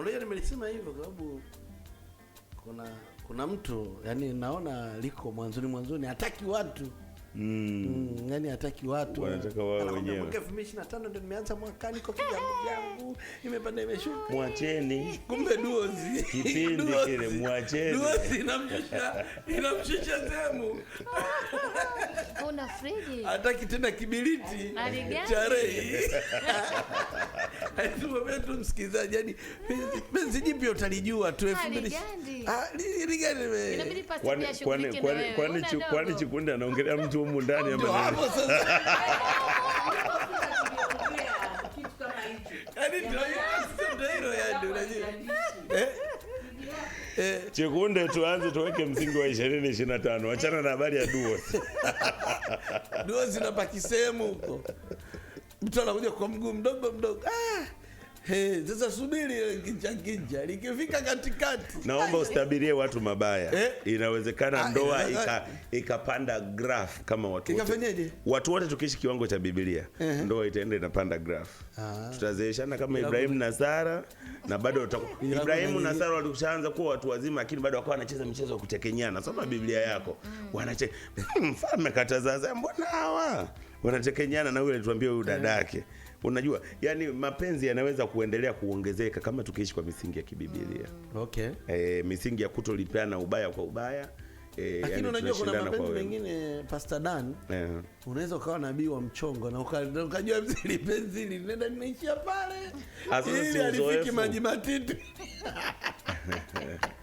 Unajua nimelisema hivyo kwa sababu kuna kuna mtu yani naona liko mwanzoni mwanzoni hataki watu Mm. Mm, yani hataki watu wanataka wao wenyewe. Mwaka 2025 ndio nimeanza mwaka niko kijangu jambo, imepanda imeshuka. Mwacheni. Kumbe duozi. Kipindi kile mwacheni. Duozi inamshusha inamshusha sehemu. Una friji. Hataki tena kibiriti. Cha rei tu msikilizaji, yani penzi jipya utalijua tu elfu mbili ah, kwani Chikundi anaongelea mtu humu ndani ama hapo sasa Chikunde, tuanze tuweke msingi wa ishirini ishirini na tano. Achana na habari ya duo, duo zinabaki sehemu huko mtu anakuja kwa mguu mdogo mdogo ah! Hey, sasa subiri ile eh, kinja kinja likifika katikati, naomba usitabirie watu mabaya eh? Inawezekana ah, ndoa ikapanda ika graph kama watu wote, watu wote tukiishi kiwango cha Biblia uh eh. -huh. Ndoa itaenda inapanda graph ah. Tutazeeshana kama Ibrahimu na Sara na bado Ibrahimu na Sara walishaanza kuwa watu wazima, lakini bado wakawa wanacheza michezo ya kutekenyana. Soma Biblia yako, mm. wanacheka mfalme katazaza, mbona hawa wanachekenyana na yule tuambie huyu eh. dadake. Unajua, yani mapenzi yanaweza kuendelea kuongezeka kama tukiishi kwa misingi ya kibibilia. Okay. E, misingi ya kutolipeana ubaya kwa ubaya. E, lakini yani unajua kuna mapenzi mengine Pastor Dan yeah. Unaweza ukawa nabii wa mchongo na ukajua mzili penzi linaenda linaishia pale, ah, ili alifiki maji matiti